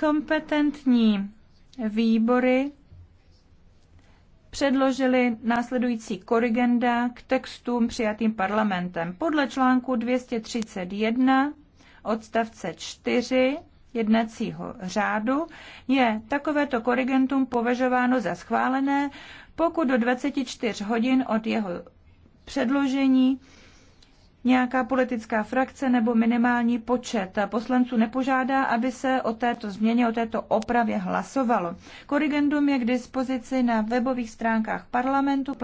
kompetentní výbory předložili následující korigenda k textům přijatým parlamentem. Podle článku 231 odstavce 4 jednacího řádu je takovéto korigentum považováno za schválené, pokud do 24 hodin od jeho předložení nějaká politická frakce nebo minimální počet poslanců nepožádá, aby se o této změně, o této opravě hlasovalo. Korrigendum je k dispozici na webových stránkách parlamentu.